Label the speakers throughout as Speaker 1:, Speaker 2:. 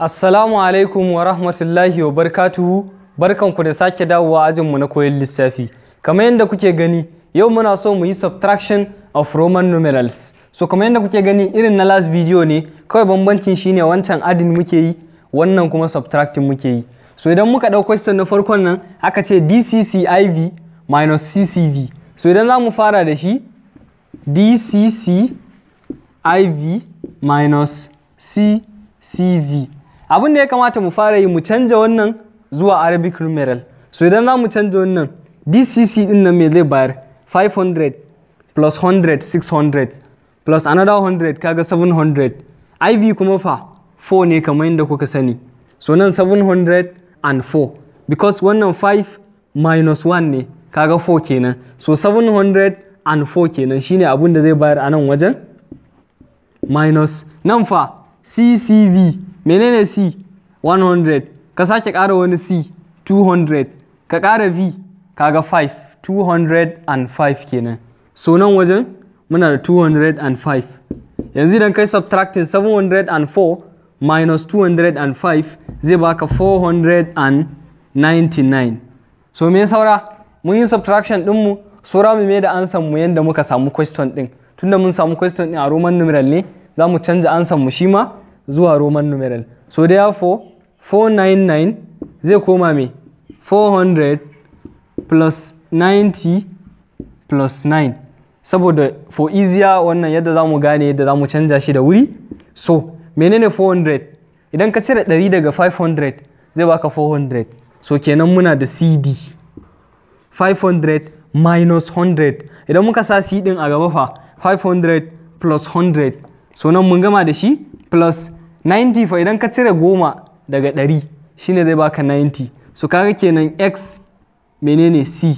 Speaker 1: Assalamu alaikum wa rahmatullahi wa barkatuhu barkanku da sake dawowa ajinmu na koyon lissafi. Kamar yadda kuke gani, yau muna so mu yi subtraction of Roman numerals. So kamar yadda kuke gani irin na last video ne, kawai bambancin shine wancan adin muke yi, wannan kuma subtracting muke yi. So idan muka ɗau question na farkon nan, aka ce DCCIV minus CCV. So idan zamu fara da shi, DCCIV minus CCV. abin da ya kamata mu fara yi mu canja wannan zuwa arabic numeral so idan za mu canja wannan dcc din nan me zai bayar 500 plus 100 600 plus another 100 kaga 700 iv kuma fa 4 ne kamar yadda kuka sani so nan 704 because wannan 5 minus 1 ne kaga 4 kenan so 704 kenan shine abin da zai bayar a nan wajen minus nan fa ccv menene c 100 ka sake ƙara wani c 200 ka ƙara v kaga 5 205 kenan so nan wajen muna da 205 yanzu idan kai subtracting 704 minus 205 zai baka 499 so me saura mun yi subtraction ɗinmu saura mu mai da ansan mu yadda muka samu question ɗin tunda mun samu question ɗin a roman numeral ne za mu canja ansan mu shi ma zuwa roman numeral so therefore 499 zai koma mai 400 plus 90 plus 9 saboda for easier wannan yadda za mu gane yadda za mu canja shi da wuri so menene 400 idan ka cire 100 daga 500 zai baka 400 so kenan muna da cd 500 minus 100 idan muka sa c a gaba fa 500 plus 100 so nan mun gama da shi plus 90 fa idan ka cire goma daga 100 shine zai baka 90 so kaga kenan x menene c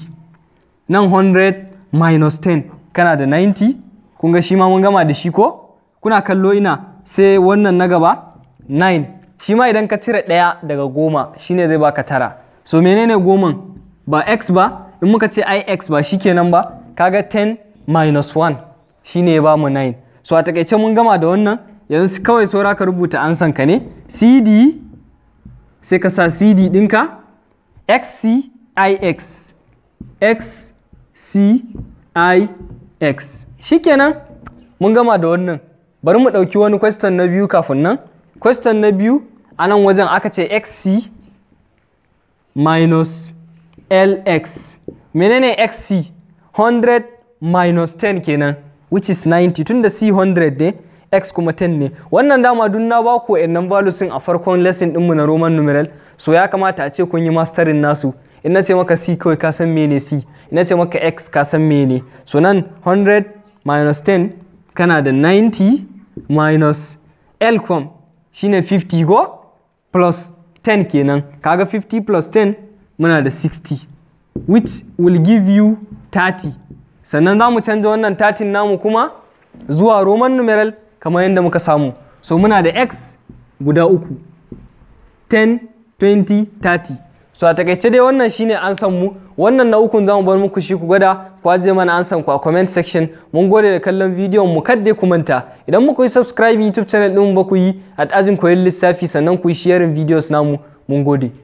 Speaker 1: nan 100 minus 10 kana da 90 kun ga shi ma mun gama da shi ko kuna kallo ina sai wannan na gaba 9 shi ma idan ka cire ɗaya daga goma shine zai baka tara so menene goman ba x ba in muka ce ix ba shi kenan ba kaga 10 minus 1 shine ya bamu 9 so a takaice mun gama da wannan yanzu kawai saura ka rubuta ansan ka ne cd sai ka sa cd ɗinka xcix xcix kenan mun gama da wannan bari mu ɗauki wani question na biyu kafin nan question na biyu a nan wajen aka ce xc minus lx menene xc 100 minus 10 kenan which is 90 da c 100 ne x kuma 10 ne wannan dama duk na ba ku wa'annan values din a farkon lesson din mu na roman numeral so ya kamata a ce kun yi masterin nasu in na ce maka c kawai ka san mene c in na ce maka x ka san mene so nan 100 minus 10 kana da 90 minus l kom shine 50 go plus 10 kenan kaga 50 plus 10 muna da 60 which will give you 30 sannan za mu canza wannan 30 namu kuma zuwa roman numeral kamar yadda muka samu so muna da x guda uku 10 20 30 so a takaice dai wannan shine an mu wannan na ukun zamu bar muku shi ku gwada ku ajiye mana ansan ku a comment section mun gode da kallon bidiyon mu kadda ku manta idan muku yi subscribe youtube channel din ba ku yi at ajin koyon lissafi sannan ku yi sharing videos namu mun gode